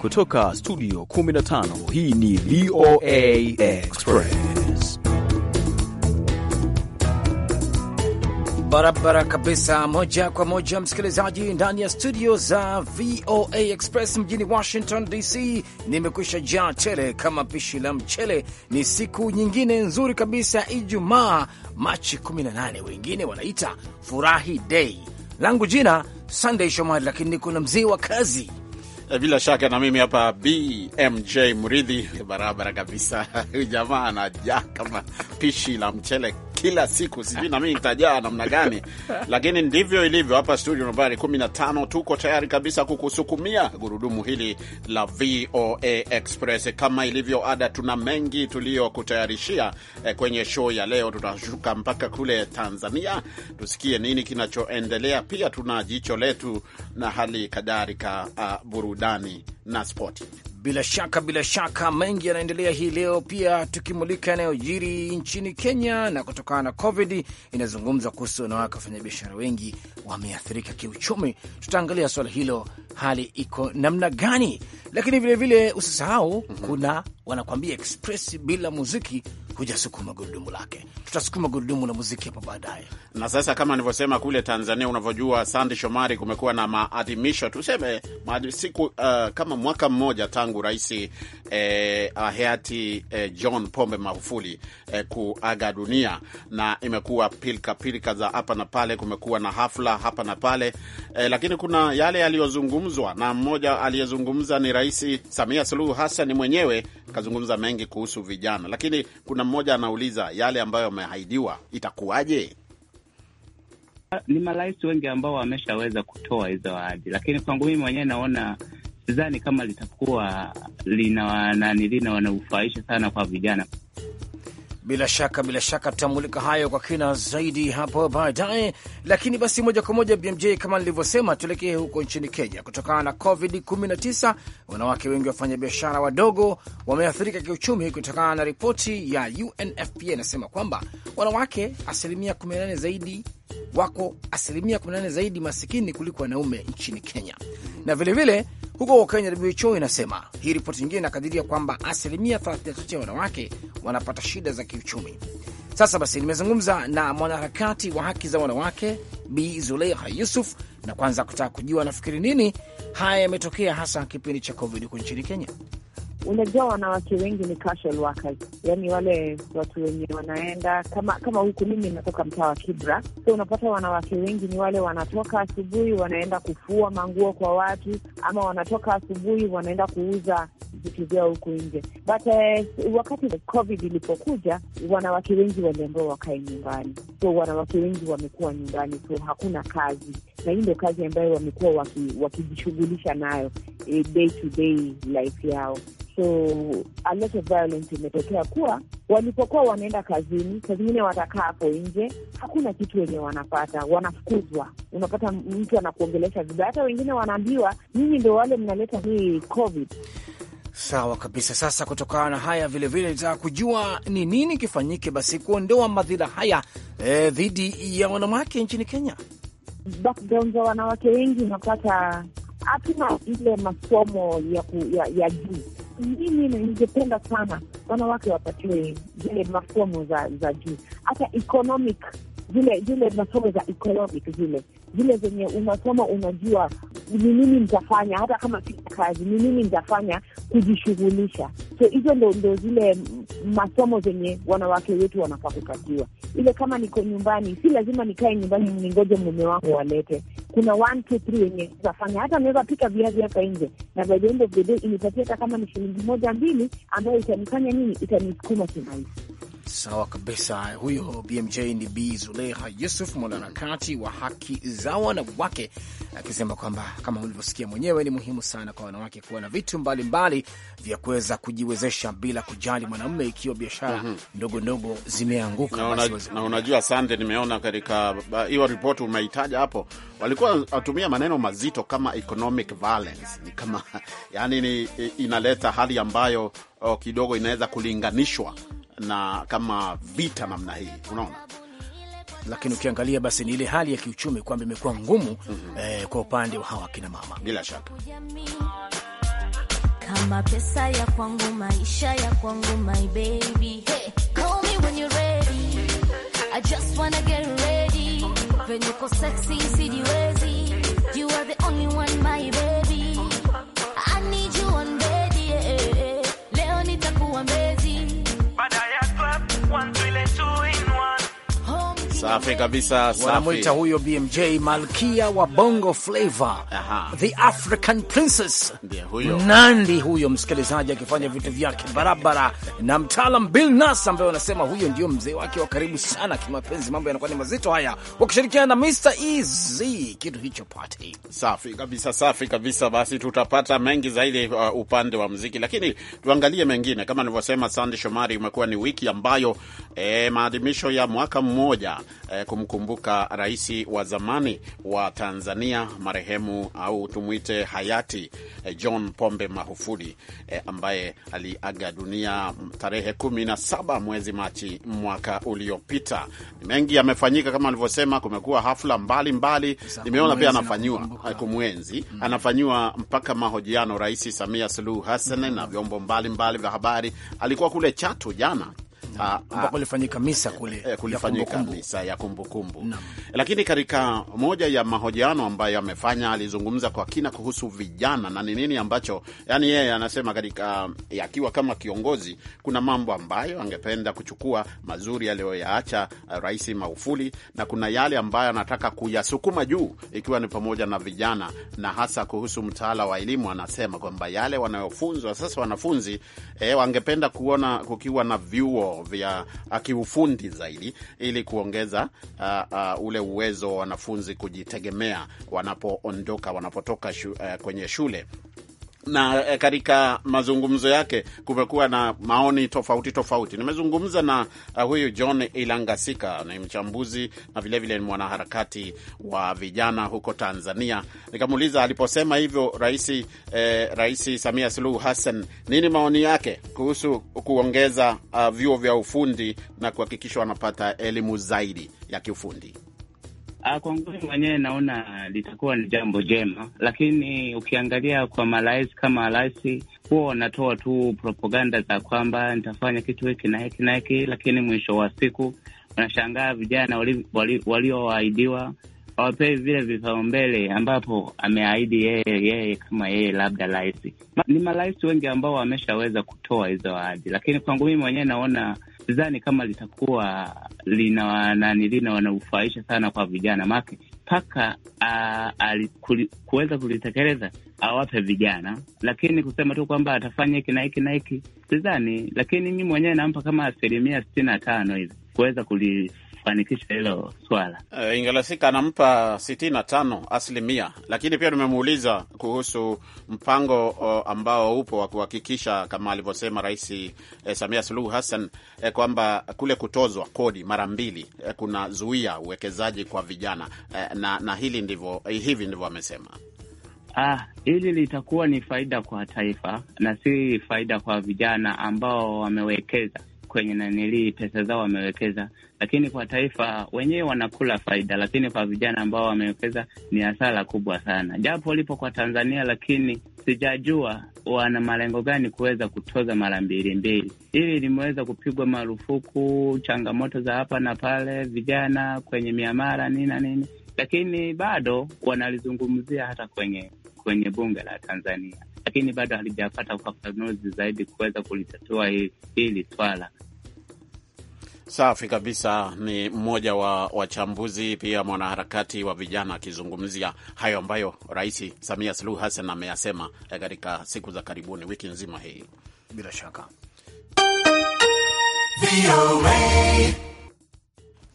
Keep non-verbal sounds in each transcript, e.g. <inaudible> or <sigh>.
Kutoka studio 15 hii ni VOA Express barabara kabisa, moja kwa moja msikilizaji, ndani ya studio za VOA Express mjini Washington DC. Nimekwisha jaa tele kama pishi la mchele. Ni siku nyingine nzuri kabisa, Ijumaa Machi 18, wengine wanaita furahi dei. Langu jina Sunday Shomari, lakini niko na mzee wa kazi Eh, bila shaka na mimi hapa BMJ Mridhi, barabara kabisa. Huyu <laughs> jamaa anajaa kama pishi la mchele kila siku, sijui na mimi nitajaa namna gani, <laughs> lakini ndivyo ilivyo hapa studio nambari 15. Tuko tayari kabisa kukusukumia gurudumu hili la VOA Express. Kama ilivyo ada, tuna mengi tuliyokutayarishia eh, kwenye show ya leo. Tutashuka mpaka kule Tanzania tusikie nini kinachoendelea, pia tuna jicho letu na hali kadhalika, uh, burudani na spoti. Bila shaka bila shaka, mengi yanaendelea hii leo, pia tukimulika yanayojiri nchini Kenya. Na kutokana na COVID inazungumza kuhusu wanawake wafanyabiashara wengi wameathirika kiuchumi. Tutaangalia swala hilo, hali iko namna gani, lakini vilevile usisahau mm -hmm. kuna wanakwambia express bila muziki hujasukuma gurudumu lake. Tutasukuma gurudumu la muziki hapa baadaye. Na sasa kama nilivyosema kule Tanzania, unavyojua Sandi Shomari, kumekuwa na maadhimisho tuseme siku uh, kama mwaka mmoja tangu rais eh, hayati eh, John Pombe Magufuli eh, kuaga dunia, na imekuwa pilika pilika za hapa na pale, kumekuwa na hafla hapa na pale eh, lakini kuna yale yaliyozungumzwa na mmoja aliyezungumza ni Rais Samia Suluhu Hassan mwenyewe akazungumza mengi kuhusu vijana, lakini kuna mmoja anauliza yale ambayo yameahidiwa itakuwaje? Ni marais wengi ambao wameshaweza kutoa hizo ahadi, lakini kwangu mimi mwenyewe naona sidhani kama litakuwa lina wanani lina wanaufaisha sana kwa vijana. Bila shaka bila shaka, tutamulika hayo kwa kina zaidi hapo baadaye, lakini basi moja kwa moja BMJ, kama nilivyosema, tuelekee huko nchini Kenya. Kutokana na COVID-19, wanawake wengi wafanyabiashara wadogo wameathirika kiuchumi, kutokana na ripoti ya UNFPA inasema kwamba wanawake asilimia 14 zaidi wako asilimia 18 zaidi masikini kuliko wanaume nchini Kenya. Na vilevile vile, huko kwa Kenya WHO inasema hii ripoti nyingine inakadiria kwamba asilimia 33 ya wanawake wanapata shida za kiuchumi. Sasa basi, nimezungumza na mwanaharakati wa haki za wanawake Bi Zuleiha Yusuf na kwanza kutaka kujua nafikiri nini haya yametokea hasa kipindi cha COVID huko nchini Kenya. Unajua, wanawake wengi ni casual workers, yani wale watu wenye wanaenda kama kama huku mimi natoka mtaa wa Kibra, so unapata wanawake wengi ni wale wanatoka asubuhi wanaenda kufua manguo kwa watu, ama wanatoka asubuhi wanaenda kuuza vitu vyao huku nje. But uh, wakati covid ilipokuja, wanawake wengi waliambiwa wakae nyumbani, so wanawake wengi wamekuwa nyumbani, so hakuna kazi, na hii ndio kazi ambayo wamekuwa wakijishughulisha waki nayo eh, day to day life yao so a lot of violence imetokea kuwa walipokuwa wanaenda kazini, saa zingine watakaa hapo nje, hakuna kitu wenye wanapata, wanafukuzwa. Unapata mtu anakuongelesha vibaya, hata wengine wanaambiwa nyinyi ndo wale mnaleta hii COVID. Sawa kabisa. Sasa kutokana na haya vilevile, nitaka kujua ni nini kifanyike basi kuondoa madhila haya eh, dhidi ya wanawake nchini Kenya. Background za wanawake wengi unapata hatuna ile masomo ya, ya, ya juu mimi ningependa sana wanawake wapatiwe zile masomo za za juu, hata economic zile zile masomo za economic zile zile zenye unasoma unajua ni nini nitafanya, hata kama si kazi, ni nini nitafanya kujishughulisha. So hizo ndo ndo zile masomo zenye wanawake wetu wanafaa kupatiwa. Ile kama niko nyumbani, si lazima nikae nyumbani ningoje mume wangu walete kuna one two three zafanya hata naweza pika viazi hapa nje, na by the end of the day inipatia hata kama ni shilingi moja mbili, ambayo itanifanya nini, itanisukuma kimaisha. Sawa kabisa, huyo BMJ ni b Zuleha Yusuf, mwanaharakati wa haki za wanawake, akisema kwamba kama ulivyosikia mwenyewe, ni muhimu sana kwa wanawake kuwa na vitu mbalimbali vya kuweza kujiwezesha bila kujali mwanaume ikiwa biashara mm -hmm. ndogo ndogo zimeanguka. Na, una, na unajua, sande, nimeona katika hiyo ripoti umeitaja hapo, walikuwa watumia maneno mazito kama economic violence, ni kama <laughs> yani ni, inaleta hali ambayo oh, kidogo inaweza kulinganishwa na kama vita namna hii, unaona lakini ukiangalia basi ni ile hali ya kiuchumi kwamba imekuwa ngumu mm -hmm. Eh, kwa upande wa hawa kina mama bila shaka, kama pesa ya kwangu, maisha ya kwangu, my baby hey, call me when you're ready, I just wanna get ready, venye uko sexy sijiwezi, you are the only one my baby Safi kabisa, safi. Wanamuita huyo BMJ Malkia wa Bongo Flava, the African Princess. Ndiye huyo Nandi huyo, msikilizaji akifanya vitu vyake barabara na mtaalam Bill Nass ambaye anasema huyo ndio mzee wake wa karibu sana kimapenzi. Mambo yanakuwa ni mazito haya, wakishirikiana na Mr Easy kitu hicho party. Safi kabisa, safi kabisa. Basi tutapata mengi zaidi uh, upande wa muziki, lakini tuangalie mengine kama nilivyosema. Sandy Shomari, imekuwa ni wiki ambayo eh, maadhimisho ya mwaka mmoja eh, kumkumbuka rais wa zamani wa Tanzania marehemu au tumwite hayati eh, John Pombe Magufuli eh, ambaye aliaga dunia tarehe 17 saba mwezi Machi mwaka uliopita. Mengi yamefanyika kama alivyosema, kumekuwa hafla mbalimbali. Nimeona pia anafanyiwa kumwenzi, anafanyiwa mm. mpaka mahojiano Rais Samia Suluhu Hassan mm na vyombo mbalimbali vya habari. Alikuwa kule Chato jana ambako ah, ah, ah, ilifanyika misa kule, eh, kulifanyika misa ya kumbukumbu kumbu. Lakini katika moja ya mahojiano ambayo amefanya alizungumza kwa kina kuhusu vijana na ni nini ambacho yani yeye anasema katika akiwa kama kiongozi, kuna mambo ambayo angependa kuchukua mazuri aliyoyaacha eh, Rais Magufuli na kuna yale ambayo anataka kuyasukuma juu, ikiwa ni pamoja na vijana na hasa kuhusu mtaala wa elimu. Anasema kwamba yale wanayofunzwa sasa wanafunzi eh, wangependa kuona kukiwa na vyuo vya uh, kiufundi zaidi ili kuongeza uh, uh, ule uwezo wa wanafunzi kujitegemea wanapoondoka wanapotoka shu, uh, kwenye shule na eh, katika mazungumzo yake kumekuwa na maoni tofauti tofauti. Nimezungumza na uh, huyu John Ilangasika, ni mchambuzi na vilevile ni mwanaharakati wa vijana huko Tanzania. Nikamuuliza aliposema hivyo raisi, eh, Samia Suluhu Hassan, nini maoni yake kuhusu kuongeza uh, vyuo vya ufundi na kuhakikisha wanapata elimu zaidi ya kiufundi. Ah, kwa nguvu mwenyewe naona litakuwa ni jambo jema, lakini ukiangalia kwa marais kama rais huwa wanatoa tu propaganda za kwamba nitafanya kitu hiki na hiki na hiki, lakini mwisho wa siku wanashangaa vijana waliowaahidiwa wali, hawapei vile vipaumbele ambapo ameahidi yeye yeye kama yeye labda rais. Ni marais wengi ambao wameshaweza kutoa hizo ahadi, lakini kwangu mimi mwenyewe naona sidhani kama litakuwa lina nani lina wanaufaisha sana kwa vijana make mpaka kuweza kulitekeleza awape vijana, lakini kusema tu kwamba atafanya hiki na hiki na hiki sidhani, lakini mi mwenyewe nampa kama asilimia sitini na tano hivi kuweza kuli kufanikisha hilo swala. E, eh, Ingelasika anampa sitini na tano asilimia, lakini pia tumemuuliza kuhusu mpango o, ambao upo wa kuhakikisha kama alivyosema Rais e, Samia Suluhu Hassan e, kwamba kule kutozwa kodi mara mbili e, kunazuia uwekezaji kwa vijana e, na, na hili ndivyo, hivi ndivyo amesema. Ah, hili litakuwa ni faida kwa taifa na si faida kwa vijana ambao wamewekeza kwenye nanilii pesa zao wamewekeza, lakini kwa taifa wenyewe wanakula faida, lakini kwa vijana ambao wamewekeza ni hasara kubwa sana. Japo lipo kwa Tanzania, lakini sijajua wana malengo gani kuweza kutoza mara mbili mbili. Hili limeweza kupigwa marufuku, changamoto za hapa na pale, vijana kwenye miamara nini na nini, lakini bado wanalizungumzia hata kwenye kwenye bunge la Tanzania lakini bado halijapata ufafanuzi zaidi kuweza kulitatua hili swala. Safi kabisa. Ni mmoja wa wachambuzi pia mwanaharakati wa vijana akizungumzia hayo ambayo Rais Samia Suluhu Hassan ameyasema eh, katika siku za karibuni, wiki nzima hii, bila shaka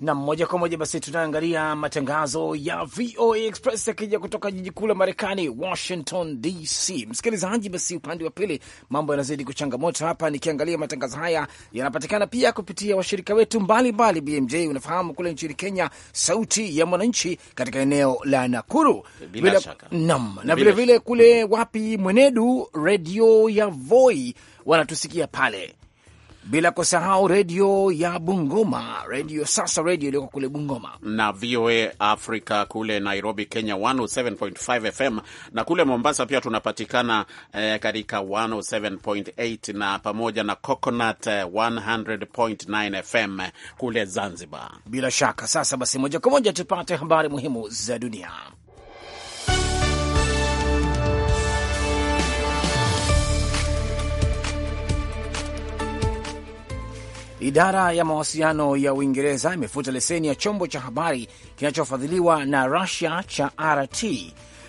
na moja kwa moja basi tunaangalia matangazo ya VOA Express yakija kutoka jiji kuu la Marekani, Washington DC. Msikilizaji, basi upande wa pili mambo yanazidi kuchangamoto hapa. Nikiangalia matangazo haya yanapatikana pia kupitia washirika wetu mbalimbali mbali, BMJ unafahamu kule nchini Kenya, Sauti ya Mwananchi katika eneo la Nakuru bila shaka nam, na vilevile vile kule wapi, Mwenedu, redio ya Voi wanatusikia pale bila kusahau redio ya Bungoma, redio sasa, redio iliyoko kule Bungoma na VOA Africa kule Nairobi, Kenya 107.5 FM, na kule Mombasa pia tunapatikana eh, katika 107.8 na pamoja na Coconut 100.9 eh, FM kule Zanzibar. Bila shaka sasa basi, moja kwa moja tupate habari muhimu za dunia. Idara ya mawasiliano ya Uingereza imefuta leseni ya chombo cha habari kinachofadhiliwa na Rusia cha RT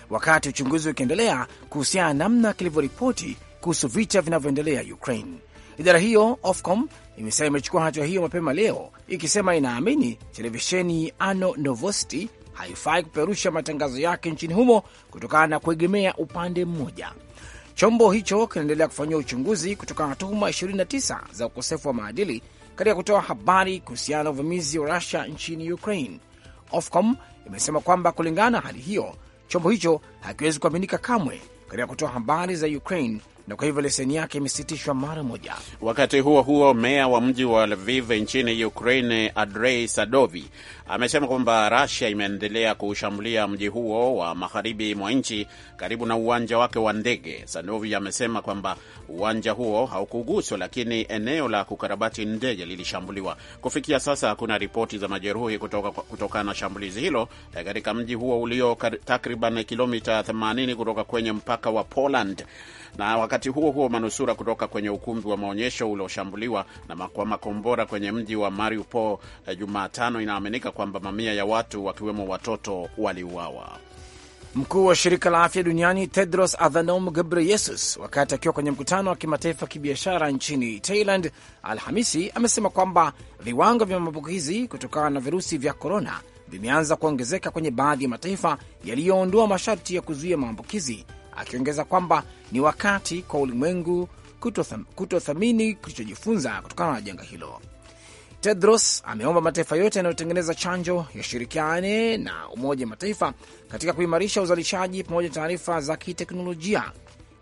wakati uchunguzi ukiendelea kuhusiana namna kilivyoripoti kuhusu vita vinavyoendelea Ukraine. Idara hiyo Ofcom imesema imechukua hatua hiyo mapema leo, ikisema inaamini televisheni Ano Novosti haifai kupeperusha matangazo yake nchini humo kutokana na kuegemea upande mmoja. Chombo hicho kinaendelea kufanyiwa uchunguzi kutokana na tuhuma 29 za ukosefu wa maadili katika kutoa habari kuhusiana na uvamizi wa Rusia nchini Ukraine. Ofcom imesema kwamba kulingana na hali hiyo, chombo hicho hakiwezi kuaminika kamwe katika kutoa habari za Ukraine na kwa hivyo leseni yake imesitishwa mara moja. Wakati huo huo, meya wa mji wa Lviv nchini Ukraine Andrei Sadovi amesema kwamba Russia imeendelea kuushambulia mji huo wa magharibi mwa nchi karibu na uwanja wake wa ndege. Sadovi amesema kwamba uwanja huo haukuguswa, lakini eneo la kukarabati ndege lilishambuliwa. Kufikia sasa hakuna ripoti za majeruhi kutokana kutoka na shambulizi hilo katika mji huo ulio takriban kilomita 80 kutoka kwenye mpaka wa Poland na wakati Wakati huo huo, manusura kutoka kwenye ukumbi wa maonyesho ulioshambuliwa na kwa makombora kwenye mji wa Mariupol eh, Jumatano, inaaminika kwamba mamia ya watu wakiwemo watoto waliuawa. Mkuu wa shirika la afya duniani Tedros Adhanom Ghebreyesus, wakati akiwa kwenye mkutano wa kimataifa kibiashara nchini Thailand Alhamisi, amesema kwamba viwango vya maambukizi kutokana na virusi vya korona vimeanza kuongezeka kwenye baadhi ya mataifa yaliyoondoa masharti ya kuzuia maambukizi akiongeza kwamba ni wakati kwa ulimwengu kutothamini kilichojifunza kutokana na janga hilo. Tedros ameomba mataifa yote yanayotengeneza chanjo yashirikiane na Umoja wa Mataifa katika kuimarisha uzalishaji pamoja na taarifa za kiteknolojia.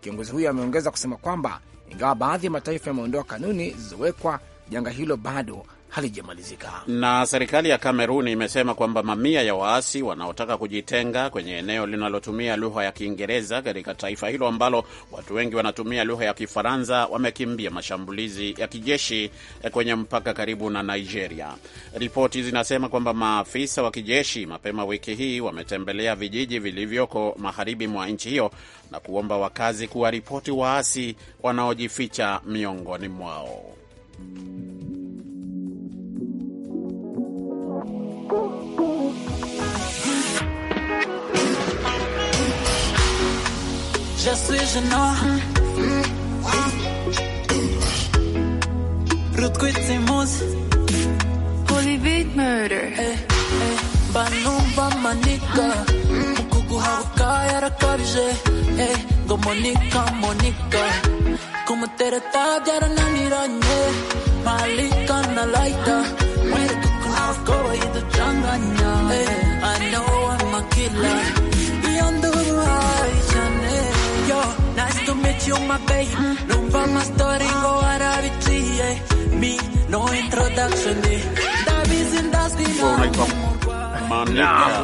Kiongozi huyo ameongeza kusema kwamba ingawa baadhi ya mataifa yameondoa kanuni zilizowekwa, janga hilo bado halijamalizika. Na serikali ya Kameruni imesema kwamba mamia ya waasi wanaotaka kujitenga kwenye eneo linalotumia lugha ya Kiingereza katika taifa hilo ambalo watu wengi wanatumia lugha ya Kifaransa wamekimbia mashambulizi ya kijeshi kwenye mpaka karibu na Nigeria. Ripoti zinasema kwamba maafisa wa kijeshi mapema wiki hii wametembelea vijiji vilivyoko magharibi mwa nchi hiyo na kuomba wakazi kuwaripoti waasi wanaojificha miongoni mwao. Je suis gênant. Rutkujt si muz. Holy beat murder. Eh, eh. Banumba manika. Mkugu hawaka yara eh, go Monika, Monika. Como tab ta yara naniranye. Malika na laita. Muere tu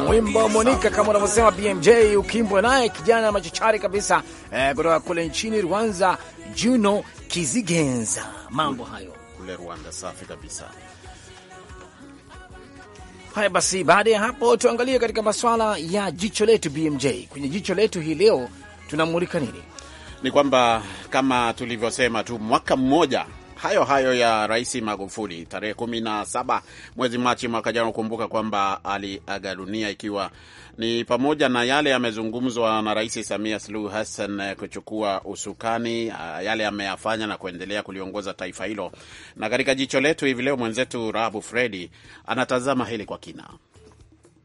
wimbo Monika kama unavyosema BMJ ukimbwa naye kijana machachari kabisa eh, kutoka kule nchini Rwanda, Juno Kizigenza. Mambo hayo kule Rwanda, safi kabisa. Haya basi, baada ya hapo tuangalie katika maswala ya jicho letu BMJ. Kwenye jicho letu hii leo tunamulika nini? Ni kwamba kama tulivyosema tu, mwaka mmoja hayo hayo ya Rais Magufuli tarehe kumi na saba mwezi Machi mwaka jana. Kumbuka kwamba aliaga dunia, ikiwa ni pamoja na yale yamezungumzwa na Rais Samia Suluhu Hassan kuchukua usukani, ah, yale ameyafanya na kuendelea kuliongoza taifa hilo. Na katika jicho letu hivi leo mwenzetu Rahabu Fredi anatazama hili kwa kina.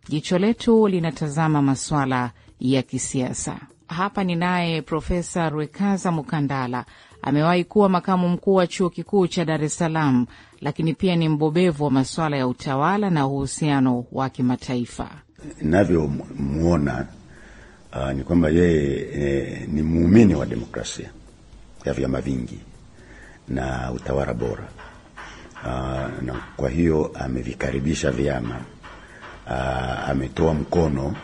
Jicho letu linatazama masuala ya kisiasa. Hapa ninaye Profesa Rwekaza Mukandala Amewahi kuwa makamu mkuu wa chuo kikuu cha Dar es Salaam, lakini pia ni mbobevu wa masuala ya utawala na uhusiano wa kimataifa. Navyomwona uh, ah, ni kwamba yeye eh, ni muumini wa demokrasia ya vyama vingi na utawala bora uh, na kwa hiyo amevikaribisha vyama uh, ametoa mkono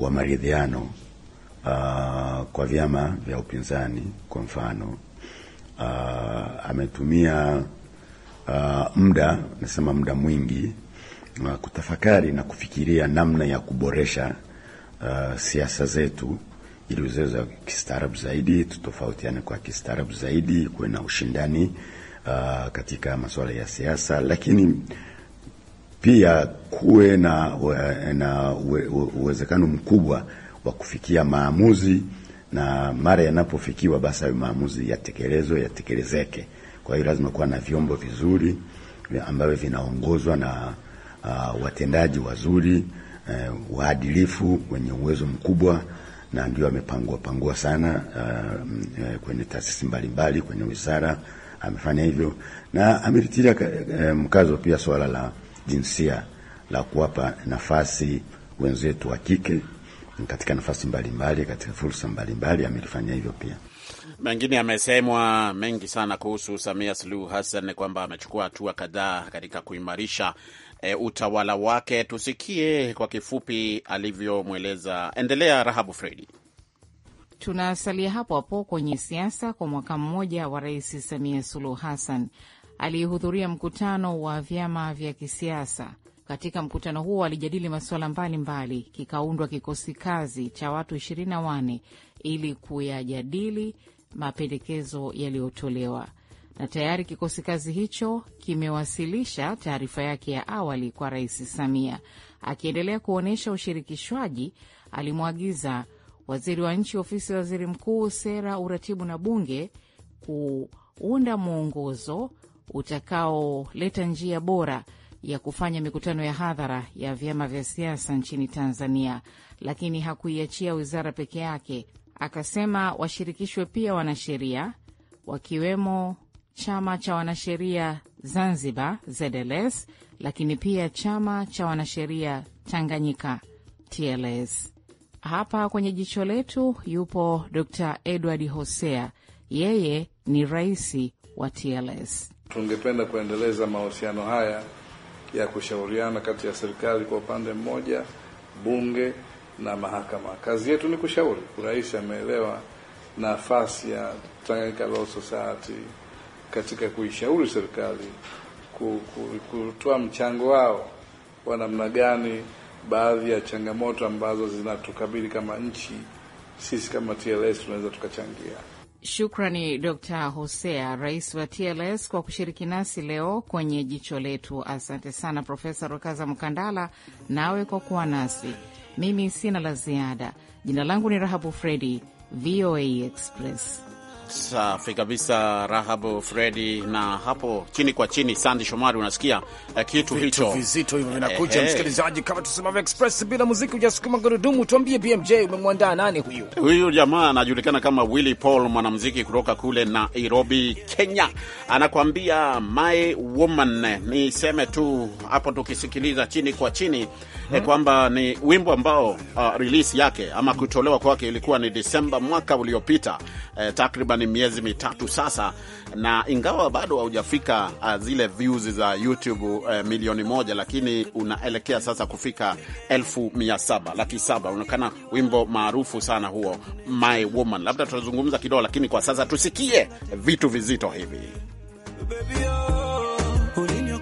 wa maridhiano uh, kwa vyama vya upinzani kwa mfano uh, ametumia uh, muda nasema muda mwingi uh, kutafakari na kufikiria namna ya kuboresha uh, siasa zetu ili uzeweza kistaarabu zaidi, tutofautiane kwa kistaarabu zaidi, kuwe na ushindani uh, katika masuala ya siasa, lakini pia kuwe na, uh, na uwezekano mkubwa wa kufikia maamuzi na mara yanapofikiwa basi hayo maamuzi yatekelezwe, yatekelezeke. Kwa hiyo lazima kuwa na vyombo vizuri ambavyo vinaongozwa na uh, watendaji wazuri uh, waadilifu wenye uwezo mkubwa, na ndio amepangua pangua sana uh, kwenye taasisi mbalimbali, kwenye wizara amefanya hivyo, na amelitilia uh, mkazo pia swala la jinsia la kuwapa nafasi wenzetu wa kike katika nafasi mbalimbali katika fursa mbalimbali amelifanya hivyo pia. Mengine yamesemwa mengi sana kuhusu Samia Suluhu Hassan kwamba amechukua hatua kadhaa katika kuimarisha e, utawala wake. Tusikie kwa kifupi alivyomweleza. Endelea Rahabu Fredi. Tunasalia hapo hapo kwenye siasa kwa mwaka mmoja wa Rais Samia Suluhu Hassan aliyehudhuria mkutano wa vyama vya kisiasa katika mkutano huo walijadili masuala mbalimbali, kikaundwa kikosi kazi cha watu ishirini na ili kuyajadili mapendekezo yaliyotolewa na tayari kikosi kazi hicho kimewasilisha taarifa yake ya awali kwa Rais Samia. Akiendelea kuonyesha ushirikishwaji, alimwagiza waziri wa nchi, ofisi ya waziri mkuu, sera, uratibu na bunge kuunda mwongozo utakaoleta njia bora ya kufanya mikutano ya hadhara ya vyama vya siasa nchini Tanzania, lakini hakuiachia wizara peke yake. Akasema washirikishwe pia wanasheria, wakiwemo chama cha wanasheria Zanzibar, ZLS, lakini pia chama cha wanasheria Tanganyika, TLS. Hapa kwenye jicho letu yupo Dr Edward Hosea, yeye ni rais wa TLS. Tungependa kuendeleza mahusiano haya ya kushauriana kati ya serikali kwa upande mmoja, bunge na mahakama. Kazi yetu ni kushauri. Rais ameelewa nafasi ya Tanganyika Law Society katika kuishauri serikali kutoa mchango wao wa namna gani baadhi ya changamoto ambazo zinatukabili kama nchi, sisi kama TLS tunaweza tukachangia. Shukrani Dr Hosea, rais wa TLS, kwa kushiriki nasi leo kwenye jicho letu. Asante sana Profesa Rukaza Mkandala, nawe kwa kuwa nasi. Mimi sina la ziada. Jina langu ni Rahabu Fredi, VOA Express. Safi kabisa, Rahabu Fredi, na hapo chini kwa chini, Sandi Shomari, unasikia eh, kitu hicho vizito hivyo vinakuja. hey. Eh, eh. Msikilizaji, kama tusemavyo Express bila muziki hujasukuma gurudumu. Tuambie BMJ, umemwandaa nani huyu? Huyu jamaa anajulikana kama Willy Paul, mwanamuziki kutoka kule Nairobi, Kenya, anakuambia my woman. Niseme tu hapo, tukisikiliza chini kwa chini eh, kwamba ni wimbo ambao uh, release yake ama kutolewa kwake ilikuwa ni Desemba mwaka uliopita, eh, takriban miezi mitatu sasa, na ingawa bado haujafika uh, zile views za YouTube uh, milioni moja, lakini unaelekea sasa kufika elfu mia saba laki saba. Unaonekana wimbo maarufu sana huo, My Woman. Labda tutazungumza kidogo, lakini kwa sasa tusikie vitu vizito hivi Baby, oh,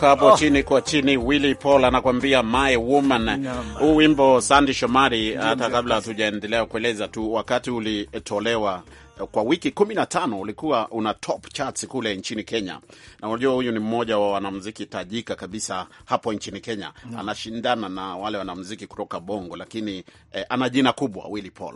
kutoka hapo oh, chini kwa chini. Willy Paul anakuambia my woman. Huu wimbo Sandy Shomari, hata kabla hatujaendelea kueleza tu, wakati ulitolewa eh, kwa wiki kumi na tano ulikuwa una top charts kule nchini Kenya, na unajua huyu ni mmoja wa wanamuziki tajika kabisa hapo nchini Kenya no. Anashindana na wale wanamuziki kutoka Bongo, lakini eh, ana jina kubwa Willy Paul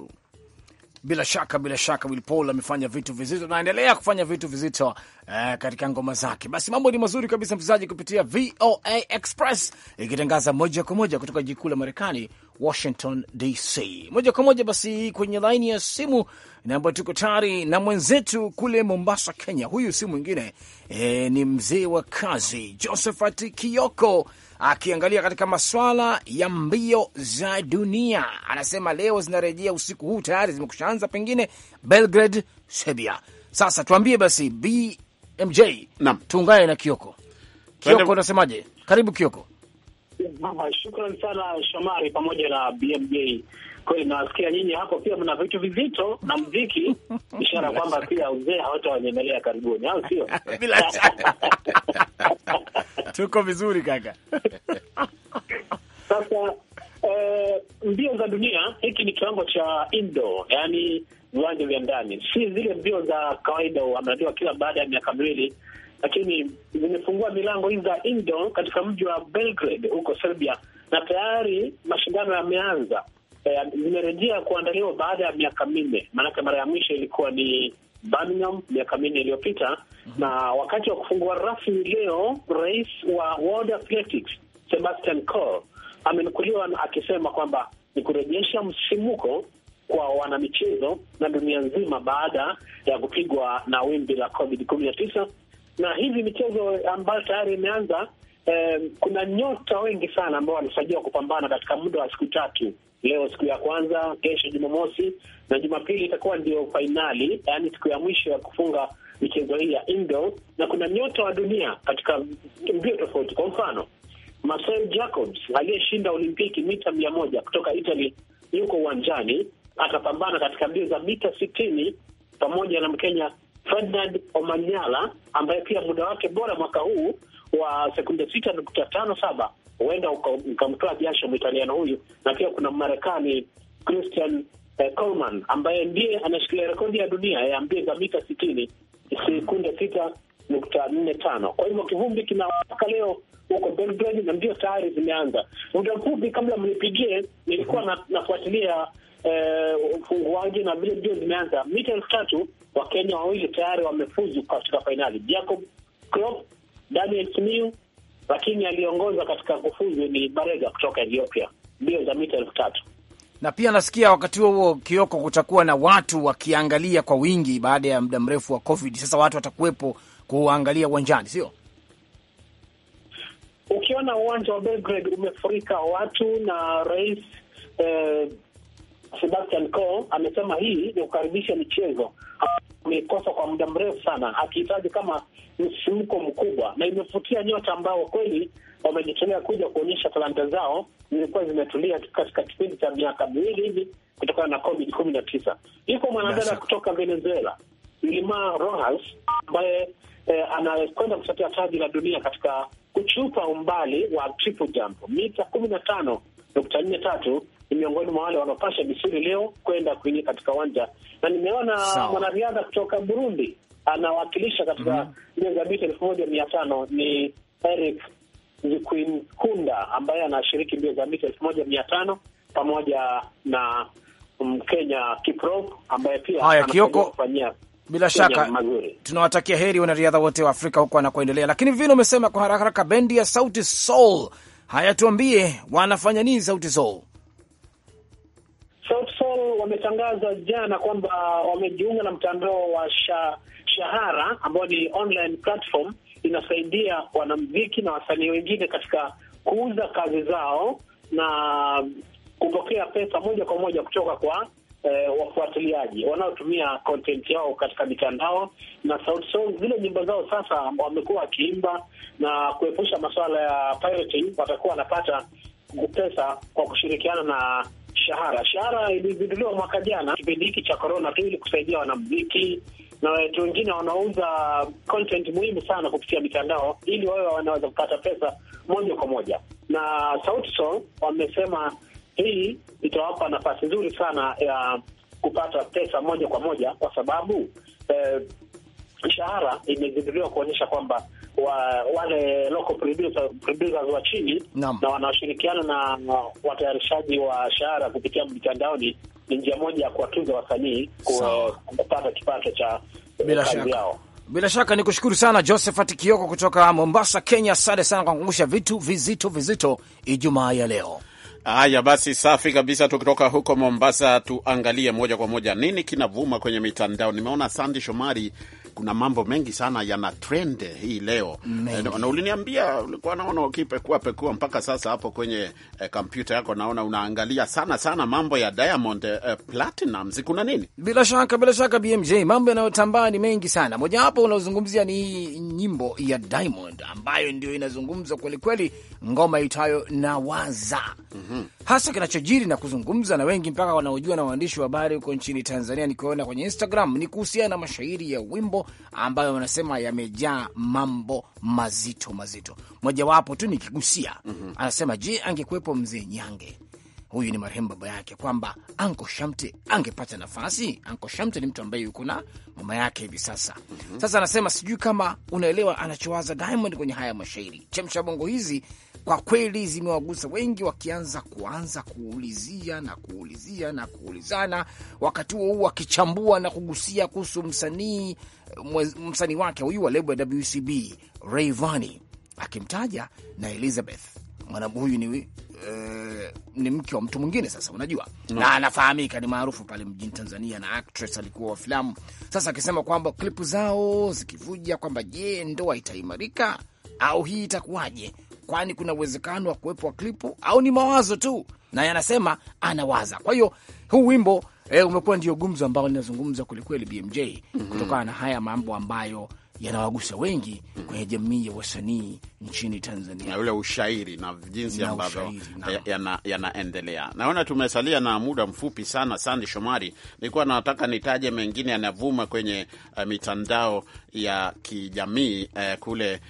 bila shaka, bila shaka Will Paul amefanya vitu vizito na endelea kufanya vitu vizito eh, katika ngoma zake. Basi mambo ni mazuri kabisa, mchezaji, kupitia VOA Express ikitangaza moja kwa moja kutoka jikuu la Marekani, Washington DC, moja kwa moja. Basi kwenye laini ya simu na ambayo tuko tayari na mwenzetu kule Mombasa, Kenya. Huyu si mwingine eh, ni mzee wa kazi Josephat Kioko akiangalia katika maswala ya mbio za dunia. Anasema leo zinarejea usiku huu, tayari zimekushaanza pengine Belgrade, Serbia. Sasa tuambie basi BMJ, tuungane na Kioko. Kioko, unasemaje? Karibu Kioko. Shukran sana Shomari pamoja na BMJ. Kweli nawasikia nyinyi hapo pia mna vitu vizito na mziki, <laughs> ishara kwamba pia uzee hawatawanyemelea karibuni, au sio? <laughs> Bila shaka <laughs> tuko vizuri kaka. Sasa eh, mbio za dunia, hiki ni kiwango cha indo yaani viwanja vya ndani, si zile mbio za kawaida. Wameambiwa kila baada ya miaka miwili lakini zimefungua milango hii za indo katika mji wa Belgrade huko Serbia, na tayari mashindano yameanza. E, eh, zimerejea kuandaliwa baada ya miaka minne, maanake mara ya mwisho ilikuwa ni Birmingham miaka minne iliyopita. mm -hmm. Na wakati wa kufungua rasmi leo, rais wa World Athletics Sebastian Coe amenukuliwa akisema kwamba ni kurejesha msimuko kwa wanamichezo na dunia nzima baada ya kupigwa na wimbi la COVID tisa na hivi michezo ambayo tayari imeanza eh, kuna nyota wengi sana ambao wanatarajiwa kupambana katika muda wa siku tatu. Leo siku ya kwanza, kesho Jumamosi na Jumapili itakuwa ndio fainali, yaani siku ya mwisho ya kufunga michezo hii ya indoor, na kuna nyota wa dunia katika mbio tofauti. Kwa mfano, Marcel Jacobs aliyeshinda Olimpiki mita mia moja kutoka Italy yuko uwanjani, atapambana katika mbio za mita sitini pamoja na Mkenya Ferdinand Omanyala ambaye pia muda wake bora mwaka huu wa sekunde sita nukta tano saba huenda ukamtoa jasho Mitaliano huyu, na pia kuna Marekani Christian eh, Coleman ambaye ndiye anashikilia rekodi ya dunia ya mbio za mita sitini sekunde sita nukta nne tano. Kwa hivyo kivumbi kinawaka leo huko Belgrade na ndio tayari zimeanza. Muda mfupi kabla mnipigie, nilikuwa nafuatilia Eh, ufunguaji na vile mbio zimeanza mita elfu tatu Wakenya wawili tayari wamefuzu katika fainali, Jacob Krop, Daniel Simiu, lakini aliongoza katika kufuzu ni Barega kutoka Ethiopia, mbio za mita elfu tatu na pia nasikia wakati huo huo Kioko, kutakuwa na watu wakiangalia kwa wingi baada ya muda mrefu wa Covid. Sasa watu watakuwepo kuangalia uwanjani, sio? Ukiona uwanja wa Belgrade umefurika watu na rais eh, Sebastian Coe amesema hii ni kukaribisha michezo ameikosa kwa muda mrefu sana, akihitaji kama msimko mkubwa, na imefutia nyota ambao kweli wamejitolea kuja kuonyesha talanta zao zilikuwa zimetulia katika kipindi cha miaka miwili hivi kutokana na COVID kumi na tisa. Iko mwanadada kutoka Venezuela, Lima Rojas, ambaye eh, anakwenda kutetea taji la dunia katika kuchupa umbali wa triple jump mita kumi na tano nukta nne tatu ni miongoni mwa wale wanaopasha misuri leo kwenda kuingia katika uwanja, na nimeona mwanariadha kutoka Burundi anawakilisha katika mhm. mbio za mita elfu moja mia tano ni Eric Nzikuimkunda ambaye anashiriki mbio za mita elfu moja mia tano pamoja na Mkenya Kiprop ambaye pia haya Kioko kufanyia bila shaka tunawatakia heri wanariadha wote wa Afrika huko anakuendelea Lakini vile umesema kwa haraka haraka, bendi ya Sauti Sol, haya tuambie wanafanya nini Sauti Sol? wametangaza jana kwamba wamejiunga na mtandao wa sha, Shahara ambao ni online platform inasaidia wanamziki na wasanii wengine katika kuuza kazi zao na kupokea pesa moja kwa moja kutoka kwa eh, wafuatiliaji wanaotumia content yao katika mitandao na Sauti song, Zile nyimbo zao sasa wamekuwa wakiimba na kuepusha masuala ya pirating, watakuwa wanapata pesa kwa kushirikiana na shahara. Shahara ilizinduliwa mwaka jana kipindi hiki cha korona tu, ili kusaidia wanamziki na watu wengine wanauza content muhimu sana kupitia mitandao, ili wawe wanaweza kupata pesa moja kwa moja. Na Sauti Sol wamesema hii itawapa nafasi nzuri sana ya kupata pesa moja kwa moja, kwa sababu eh, shahara imezinduliwa kuonyesha kwamba wa wale local producer, producers wa chini Nam. na wanaoshirikiana na watayarishaji wa shahara kupitia mtandaoni ni njia moja ya kuwatunza wasanii kupata kipato cha eh, bila kazi shaka yao. Bila shaka ni kushukuru sana Josephat Kioko kutoka Mombasa, Kenya. Asante sana kwa kukumbusha vitu vizito vizito Ijumaa ya leo. Haya basi, safi kabisa. Tukitoka huko Mombasa, tuangalie moja kwa moja nini kinavuma kwenye mitandao. Nimeona Sandi Shomari, kuna mambo mengi sana yana trend hii leo e, na uliniambia ulikuwa naona ukipekua pekua mpaka sasa hapo kwenye e, kompyuta yako, naona unaangalia sana sana mambo ya Diamond e, eh, Platnumz. Kuna nini? Bila shaka, bila shaka BMJ, mambo yanayotambaa ni mengi sana. Mojawapo unaozungumzia ni hii nyimbo ya Diamond ambayo ndio inazungumzwa kwelikweli, ngoma itayo na waza mm -hmm hasa kinachojiri na kuzungumza na wengi mpaka wanaojua na waandishi wa habari huko nchini Tanzania, nikiona kwenye Instagram ni kuhusiana na mashairi ya wimbo ambayo wanasema yamejaa mambo mazito mazito. Mojawapo tu nikigusia, mm -hmm. anasema je, angekuwepo mzee Nyange huyu ni marehemu baba yake, kwamba Anko Shamte angepata nafasi. Anko Shamte ni mtu ambaye yuko na mama yake hivi sasa. mm -hmm. Sasa anasema sijui kama unaelewa anachowaza Diamond kwenye haya mashairi. Chemsha bongo hizi kwa kweli zimewagusa wengi, wakianza kuanza kuulizia na kuulizia na kuulizana, wakati huo huu wakichambua na kugusia kuhusu msanii msanii wake huyu wa lebo ya WCB Rayvanny, akimtaja na Elizabeth mwanamke huyu ni, uh, ni mke wa mtu mwingine sasa, unajua no. na anafahamika ni maarufu pale mjini Tanzania na actress alikuwa wa filamu. Sasa akisema kwamba klipu zao zikivuja kwamba je, ndoa itaimarika au hii itakuwaje? kwani kuna uwezekano wa kuwepo klipu au ni mawazo tu, naye anasema anawaza. Kwa hiyo huu wimbo eh, umekuwa ndio gumzo ambao linazungumza kwelikweli BMJ, mm -hmm. kutokana na haya mambo ambayo yanawagusa wengi kwenye jamii ya wasanii nchini Tanzania, na ule ushairi na jinsi ambavyo yanaendelea ya na, ya naona tumesalia na muda mfupi sana. sandi Shomari, nilikuwa nataka nitaje mengine yanavuma kwenye uh, mitandao ya kijamii uh, kule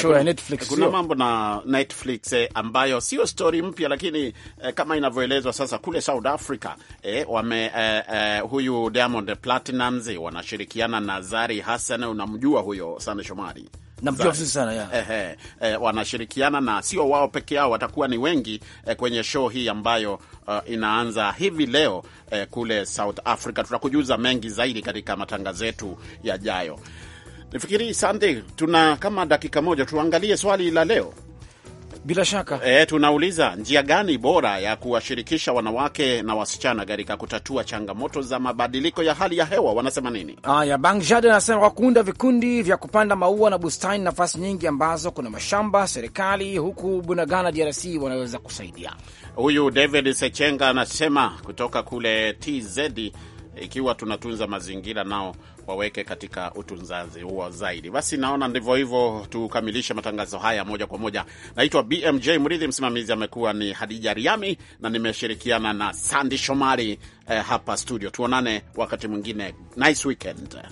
show ya Netflix, kuna mambo na Netflix eh, ambayo sio stori mpya lakini eh, kama inavyoelezwa sasa kule South Africa eh, wame eh, eh, huyu Diamond Platnumz wanashirikiana na Zari Hassan, unamjua huyo Sande Shomari sana eh, eh, eh, wanashirikiana na sio wao peke yao, watakuwa ni wengi eh, kwenye show hii ambayo uh, inaanza hivi leo eh, kule South Africa. Tutakujuza mengi zaidi katika matangazo yetu yajayo. Nifikiri Sande, tuna kama dakika moja, tuangalie swali la leo. Bila shaka e, tunauliza njia gani bora ya kuwashirikisha wanawake na wasichana katika kutatua changamoto za mabadiliko ya hali ya hewa. Wanasema nini? Haya, Bangjad anasema kwa kuunda vikundi vya kupanda maua na bustani nafasi nyingi ambazo kuna mashamba, serikali huku Bunagana DRC wanaweza kusaidia. Huyu David Sechenga anasema kutoka kule TZ, ikiwa tunatunza mazingira nao waweke katika utunzaji huo zaidi. Basi naona ndivyo hivyo, tukamilishe matangazo haya moja kwa moja. Naitwa BMJ Mridhi, msimamizi amekuwa ni Hadija Riami na nimeshirikiana na Sandi Shomari eh, hapa studio. Tuonane wakati mwingine. Nice weekend.